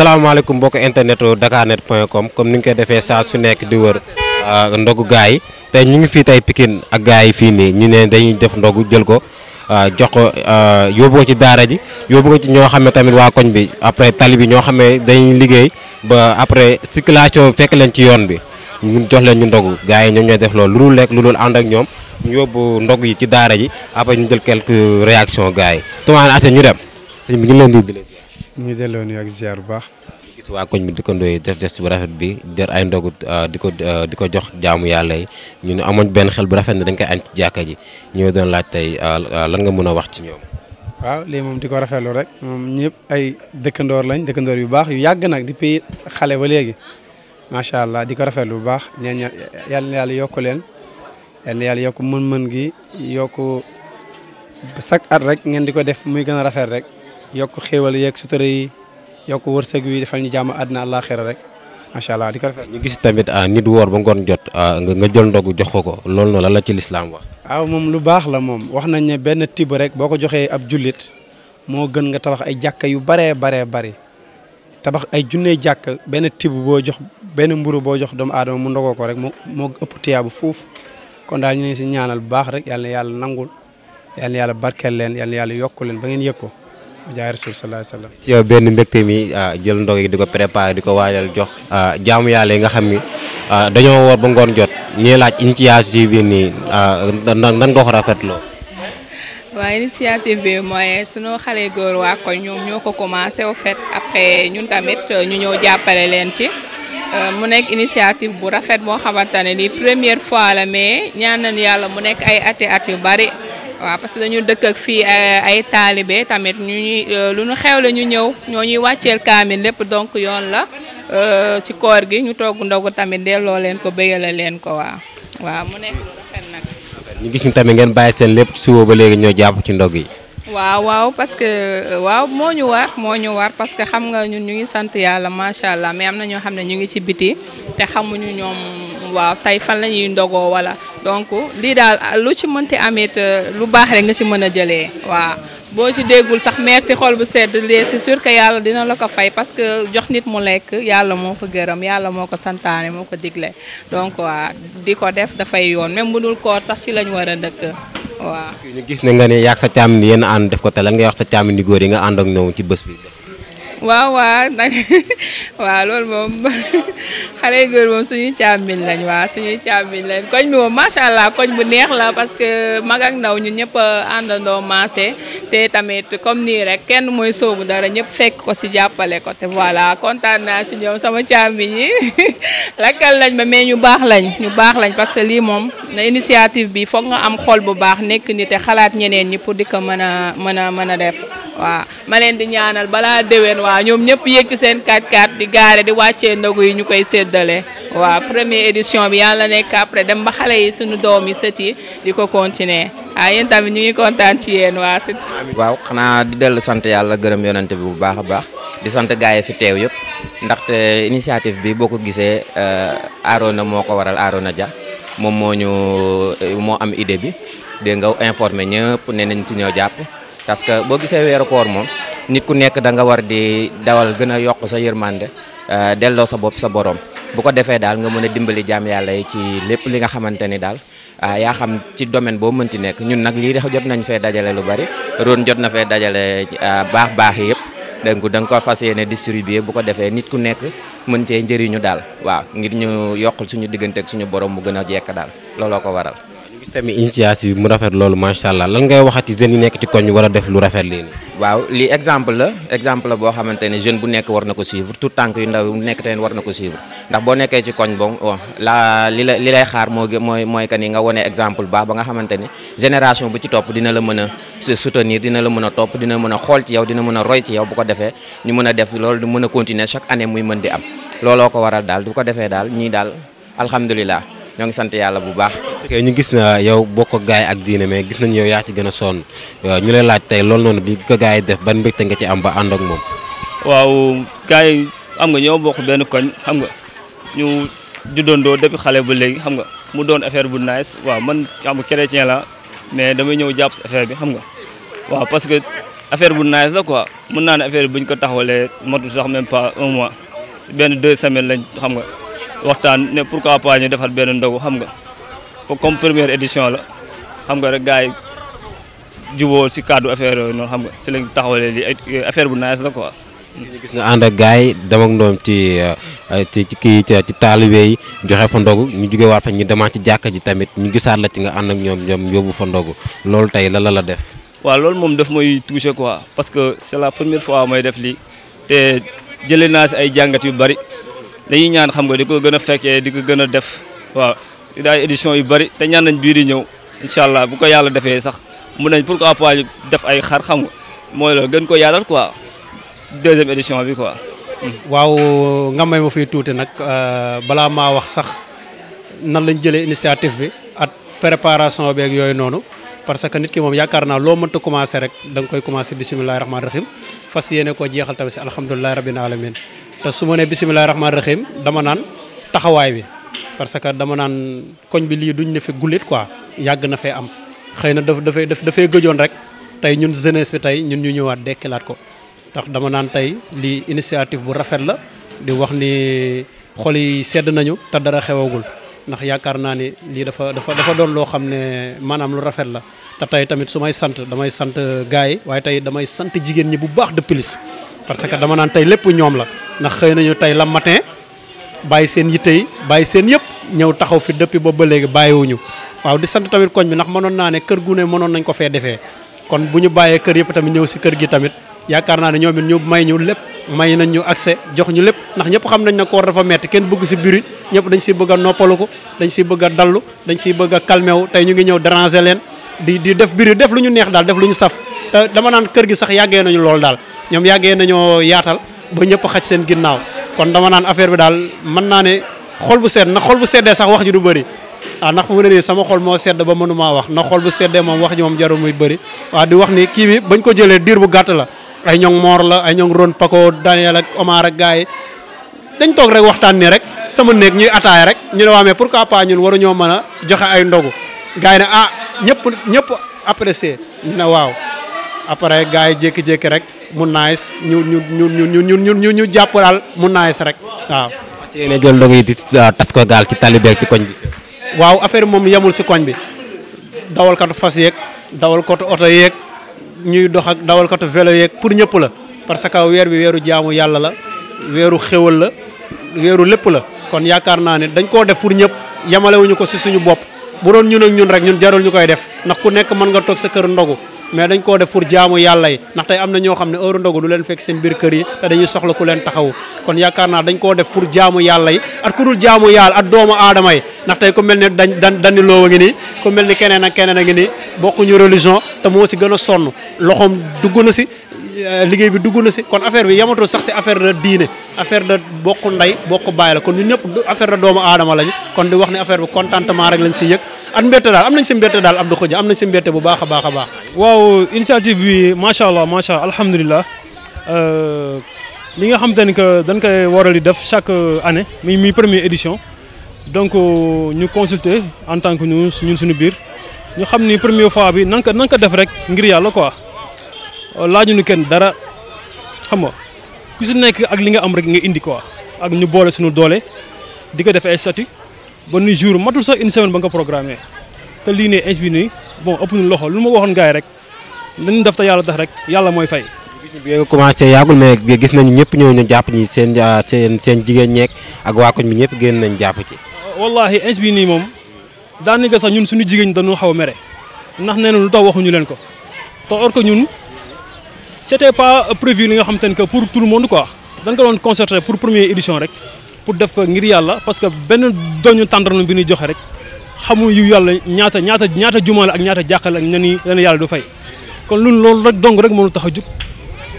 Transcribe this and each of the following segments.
salaamaaleykum mbokk internet dakarnet point com comme ni ñu koy defee saa su nekk di wër ah, ndogu gaay yi tey ñu ngi fii tey Pikine ak gaay yi fii nii ñu ne dañuy def ndogu jël ko ah, jox ko ah, yóbbu ko ci daara ji yóbbu ko ci ñoo xam ne tamit waa koñ bi après tali bi ñoo xam ne dañuy liggéey ba après circulation fekk leen ci yoon bi ñu jox leen ñu ndogu gaay yi ñoom ñooy def loolu lu dul lekk lu dul ànd ak ñoom ñu yóbbu ndog yi ci daara ji après ñu jël quelques réaction gaay yi tumaan ñu dem sëñ bi ñu leen di ñu delloo nuyu ak ziar bu baax. gis waa koñ bi dëkkandoo yi def geste bu rafet bi jër ay ndogu ah, di ko ah, di ko jox jaamu yàlla yi ñu ne amoon benn xel bu rafet na dañ koy añ ci jàkka ji ñoo doon laaj tey ah, lan nga mën a wax ci ñoom. waaw lii moom di ko rafetlu rek moom ñëpp ay dëkkandoor lañ dëkkandoor yu baax yu yàgg nag depuis xale ba léegi macha allah di ko rafet bu baax nee na yàlla yokk leen yàlla na yàlla yokk mën-mën gi yokk chaque at rek ngeen di ko def muy gën a rafet rek. yokk xéewal yeeg sutura yi yokk wërsëg wi defal ñu jàmm àddina àllaaxira rek macha allah di ko rafet ñu gis tamit ah, nit woor ba ngoon jot ah, nga jël ndogu jox ko ko loolu noonu lan la ci lislaam wax. waaw ah, moom lu baax la moom wax nañ ne benn tibb rek boo ko joxee ab jullit moo gën nga tabax ay jàkka yu baree baree bari tabax ay junnee jàkk benn tibb boo jox benn mburu boo jox doomu aadama mu ndogoo ko rek moo moo ëpp tiyaabu fuuf kon daal ñu ngi si ñaanal bu baax rek yàlla yàlla nangul yàlla na yàlla barkeel leen yàlla yàlla yokk leen ba ngeen yëg ko jaay rasul sallallahu ci yow benn mbégte mi ah, jël ndog yi di ko préparé di ko waajal jox ah, jaamu yàlla yi nga xam ni ah, dañoo woor ba ngoon jot ñii laaj initiative ci biir nii nan nan nga ko rafetloo waaw initiative bi mooy sunu xale góor waa ko ñoom ñoo ko commencé au fait après ñun tamit euh, ñu ñëw jàppale leen ci euh, mu nekk initiative bu rafet moo xamante ne première fois la mais ñaan nañu yàlla mu nekk ay ati at yu bari waaw parce que dañu dëkk ak fii eh, ay taalibe tamit ñu ñuy eh, lu ñu xew lañu ñëw ñoo ñuy wàcceel kaamil lépp donc yoon la eh, ci koor gi ñu togg ndogu tamit delloo leen ko bëggale leen ko waaw waaw mu ne ñu gis ñu tamit ngeen bàyyi seen lépp suba ba léegi ñoo jàpp ci ndog yi. waaw waaw parce que euh, waaw moo ñu war moo ñu war parce que xam nga ñun ñu ngi sant yàlla macha allah mais am na ñoo xam ne ñu ngi ci biti te xamuñu ñoom waaw tey fan la ñuy ndogoo wala donc lii daal lu ci mënti amit euh, lu baax rek nga ci mën a jëlee waaw. boo ci déggul sax merci xol bu sedd lee c'est sûr yàlla dina la ko fay parce que jox nit mu lekk yàlla moo ko gërëm yàlla moo ko santaane moo ko digle donc waa di ko def dafay yoon même bu dul koor sax ci lañ war a dëkk waaw. gis ne nga ne yaag sa càmmiñ yéen ànd def ko te lan ngay wax sa yi nga ànd ak ñoom ci bés bi. waaw waaw nag waaw loolu moom xale yu góor moom suñuy càmmiñ lañ waa suñuy càmmiñ lañ koñ bi moom macha allah koñ bu neex la parce que mag ak ndaw ñu ñëpp àndandoo maase te tamit comme nii rek kenn mooy soobu dara ñëpp fekk ko si jàppale ko te voilà kontaan naa si ñoom sama càmmiñ yi lakkal lañ ba mais ñu baax lañ ñu baax lañ parce que lii moom na initiative bi foog nga am xol bu baax nekk ni te xalaat ñeneen ñi pour di ko mën a mën a mën a def waa ma leen di ñaanal balaa déwén waaw ñoom ñëpp yéeg ci seen 4 x di gaare di wàccee ndogu yi ñu koy séddale waaw première édition bi yàlla nekk après dem ba xale yi suñu doom yi sët yi di ko continuer waaw yéen tamit ñu kontaan ci yéen waa si. waaw xanaa di dellu sant yàlla gërëm yonante bi bu baax a baax di sant gaay yi fi teew yëpp ndaxte initiative bi boo ko gisee euh, Arona moo ko waral Arona ja moom moo ñu euh, moo am idée bi dégg nga informé ñëpp nañ ci ñëw jàpp. parce que boo gisee weeru koor moom nit ku nekk da nga war di dawal gën a yokk sa yërmande euh, delloo sa bopp sa borom bu ko defee daal nga mën a dimbali jaam yàlla yi ci lépp li nga xamante ni daal euh, yaa xam ci domaine boo mënti nekk ñun nag lii jot nañ fee dajale lu bari ron jot na fee dajale euh, baax baax yëpp danga da nga ko fas yéene distribuer bu ko defee nit ku nekk mën cee njëriñu daal waaw ngir ñu yokkul suñu diggante ak suñu borom mu gën a jekk daal looloo ko waral tamit initiative mu rafet loolu macha allah lan ngay waxati jeunes yi nekk ci koñ war a def lu rafet lii nii. waaw li exemple la exemple boo xamante ne jeune bu nekk war na ko suivre tout tànk yu ndaw yu nekk tamit war na ko suivre ndax boo nekkee ci koñ boobu bon oh, la li la li lay xaar moo mooy mooy que ni nga wone exemple baax ba nga xamante ne génération bu ci topp dina la mën a soutenir dina la mën a topp dina mën a xool ci yow dina mën a roy ci yow bu ko defee ñu mën a def loolu mën a continuer chaque année muy mën di am looloo ko waral daal bu ko defee daal ñii daal alhamdulilah ñoo ngi sant yàlla bu baax. kay ñu gis na yow bokk ak gars yi ak diine mais gis nañ yow yaa ci gën a sonn euh, ñu lay laaj tey loolu noonu bi ko gars yi def ban mbégte nga ci am ba ànd ak moom. waaw gars yi xam nga ñoo bokk benn koñ xam nga ñu juddandoo depuis xale ba léegi xam nga mu doon affaire bu nice waaw man xam nga chrétien la mais damay ñëw jàpp si affaire bi xam nga waaw parce que affaire bu nice la quoi mën naa ne affaire bi buñ ko taxawalee motul sax même pas un mois benn deux waxtaan ne pourquoi pas ñu defar benn ndogu xam nga comme première édition la xam nga rek gars jubo juboo si kàddu affaire yooyu noonu xam nga si lañ taxawalee li affaire bu nice la quoi. gis nga ànd ak gars yi dem ak ñoom ci euh, ci kii ci taalibe yi joxe fa ndogu ñu jóge waat fa ñu demaat ci jàkka ji tamit ñu gisaat la ci nga ànd ak ñoom ñoom yóbbu fa ndogu loolu tey la la la def. waaw loolu moom daf mooy touché quoi parce que c'est la première fois mooy def lii te jëlee naa si ay jàngat yu bari. dañuy ñaan xam nga di ko gën a fekkee di ko gën a def waaw daay édition yu bari te ñaan nañ biir di ñëw incha allah bu ko yàlla defee sax mun nañ pour pas ñu def ay xar xam nga mooy la gën ko yaatal ko deuxième édition bi quoi. waaw nga may ma fiy tuuti nag euh, balaa maa wax sax nan lañ jëlee initiative bi at préparation beeg yooyu noonu parce que nit ki moom yaakaar naa loo mënta commencé rek da nga koy commencé bisimilahi rahmaani rahim fas yéene ko jeexal tamit si alhamdulilahi rabbil alamin te su ma nee bisimilah rahmaani rahim dama naan taxawaay bi parce que dama naan koñ bi lii duñ ne fi gulit quoi yàgg na fee am xëy na daf dafay dafay gëjoon rek tey ñun jeunesse bi tey ñun ñu ñëwaat dekkilaat ko ndax dama naan tey lii initiative bu rafet la di wax ni xol yi sedd nañu te dara xewagul ndax yaakaar naa ni lii dafa dafa dafa doon loo xam ne maanaam lu rafet la te tey tamit su may sant damay sant gars yi waaye tey damay sant jigéen ñi bu baax de plus parce que dama naan tey lépp ñoom la ndax xëy nañu tey la matin bàyyi seen yitte yi bàyyi seen yëpp ñëw taxaw fi depuis boobu ba léegi bàyyiwuñu waaw di sant tamit koñ bi ndax mënoon naa ne kër gu ne mënoon nañ ko fee defee kon bu ñu bàyyee kër yëpp tamit ñëw si kër gi tamit yaakaar naa ne ñoom it ñu may ñu lépp may nañ ñu accès jox lépp ndax ñëpp xam nañ ne koor dafa metti kenn bëgg si biir ñëpp dañ siy bëgg a noppalu ko dañ siy bëgg dallu dañ siy bëgg a wu tey ñu ngi ñëw déranger leen di di def biir def lu ñu neex daal def lu ñu saf te dama naan kër gi sax yàggee nañu loolu daal ñoom yàggee nañoo yaatal ba ñëpp xaj seen ginnaaw kon dama naan affaire bi daal mën naa ne xol bu sedd ndax xol bu seddee sax wax ji du bari ah ndax fu mu ne nii sama xol moo sedd ba mënuma wax ndax xol bu seddee moom wax ji moom jarul muy bëri waa di wax ni kii bi bañ ko jëlee diir bu gàtt la ay ñoŋ moor la ay ñoŋ Ron Paco Daniel ak Omar ak gaay dañ toog rek waxtaan ni rek sama néeg ñuy ataaya rek ñu ne waa mais pourquoi pas ñun waruñoo mën a joxe ay ndogu gars yi ne ah ñëpp ñëpp apprécié ne waaw après gars yi jékki-jékki rek mu nice ñu ñu ñu ñu ñu ñu ñu jàpp daal mu nice rek waaw. parce que yéen jël ndog yi di tas ko gaal ci talibeeg ci koñ bi. waaw affaire moom yemul si koñ bi dawalkatu fas yeeg dawalkatu oto yeeg ñuy dox ak dawalkatu vélo yeeg pour ñëpp la parce que weer bi weeru jaamu yàlla la weeru xéwal la weeru lépp la kon yaakaar naa ne dañ koo def pour ñëpp yemalewuñu ko si suñu bopp bu doon ñun ak ñun rek ñun jarul ñu koy def ndax ku nekk mën nga toog sa kër ndogu. mais dañ koo def pour jaamu yàlla yi ndax am na ñoo xam ne heure ndogu du leen fekk seen biir kër yi te dañuy soxla ku leen taxawu kon yaakaar naa dañ ko def pour jaamu yàlla yi at ku dul jaamu yàlla at doomu aadama yi ndax tey ku mel ne dañ dani loowa ngi nii ku mel ni keneen ak keneen a ngi nii bokkuñu religion te moo si gën a sonn loxoom dugg na si Euh, liggéey bi dugg na si kon affaire bi yamatul sax si affaire de diine affaire de bokk ndey bokk baay la kon ñun ñëpp affaire de doomu aadama lañu kon di wax ne affaire bi contentement rek lañ si yëg ak mbette daal am nañ si mbette daal Abdou Khoudia am nañ si mbette bu baax a baax a baax. waaw initiative bi macha allah macha allah alhamdulilah euh, li nga xam te ne que dañ koy waral di def chaque année mi mi première édition donc euh, ñu consulter en tant que ñu suñu biir ñu xam ni première fois bi nan ko nan ko def rek ngir yàlla quoi. Euh, laajuñu kenn dara xam nga ku si nekk ak li nga am rek nga indi quoi ak ñu boole suñu doole di ko defee ay statut ba nu jour matul sax une semaine ba nga programmé te lii ne insbi nii bon ëpp nu loxo lu ma waxoon gars rek dañu def te yàlla tax rek yàlla mooy fay. bi nga commencé yàggul mais gis nañu ñëpp ñëw ñu jàpp ñi seen ah, seen seen jigéen ñeek ak waa koñ bi ñëpp génn nañ jàpp ci. Euh, wallahi insbi nii moom daanaka sax ñun suñu jigéen ñi xaw a mere ndax nee na lu tax waxuñu leen ko c'était pas prévu li nga xam ni que pour tout le monde quoi dañ ko doon concerté pour première édition rek pour def ko ngir yàlla parce que benn doñu tàndarma bi ñuy joxe rek xamu yu yàlla ñaata ñaata ñaata jumaale ak ñaata jàqale ak ñani leen yàlla du fay kon loolu loolu rek dong rek mënu tax a jug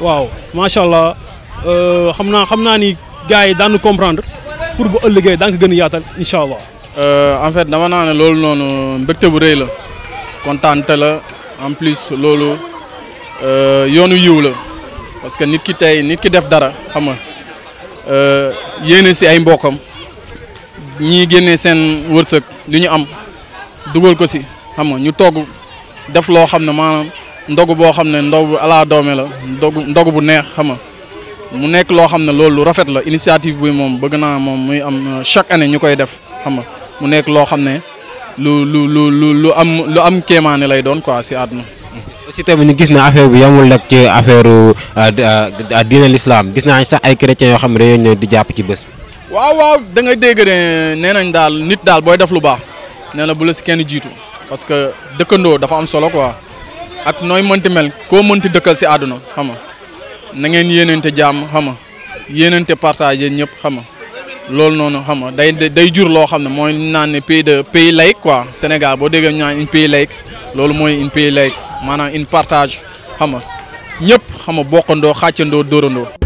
waaw macha allah euh, xam naa xam naa ni gars yi daan comprendre pour bu ëllëgee daan ko gën a yaatal incha allah. Euh, en fait dama naa ne loolu noonu mbégte bu rëy la kontaante plus loolu. Euh, yoonu yiw la parce que nit ki tey nit ki def dara xam nga euh, yéene si ay mbokkam ñii génne seen wërsëg lu ñu am dugal ko si xam ñu togg def loo xam ne maanaam ndogu boo xam ne ndogu ala doome la ndogu ndogu bu neex xam mu nekk loo xam ne loolu lu rafet la initiative bi moom bëgg naa moom muy am euh, chaque année ñu koy def xam mu nekk loo xam ne lu lu lu lu lu am lu am kéemaane lay doon quoi si àdduna aussi tamit ñu gis na affaire bi yamul rek ci affaire euh, euh, diine l'islam gis naa sax ay chrétiens yoo xam ne dañoo ñëw di jàpp ci bés bi. waaw waaw da ngay dégg ne nee nañ daal nit daal booy def lu baax nee na bu la si kenn jiitu parce que dëkkandoo dafa am solo quoi ak nooy mënti mel koo mënti dëkkal si àdduna xam nga na ngeen yéeneente jàmm xama yeneente partage partagé ñëpp xam nga loolu noonu xam nga day day jur loo xam ne mooy naan ne pays de pays laïque quoi Sénégal boo déggee ñaa naan une pays loolu mooy une pays maanaam une partage xam nga ñëpp xam nga bokkandoo xàccandoo dóorandoo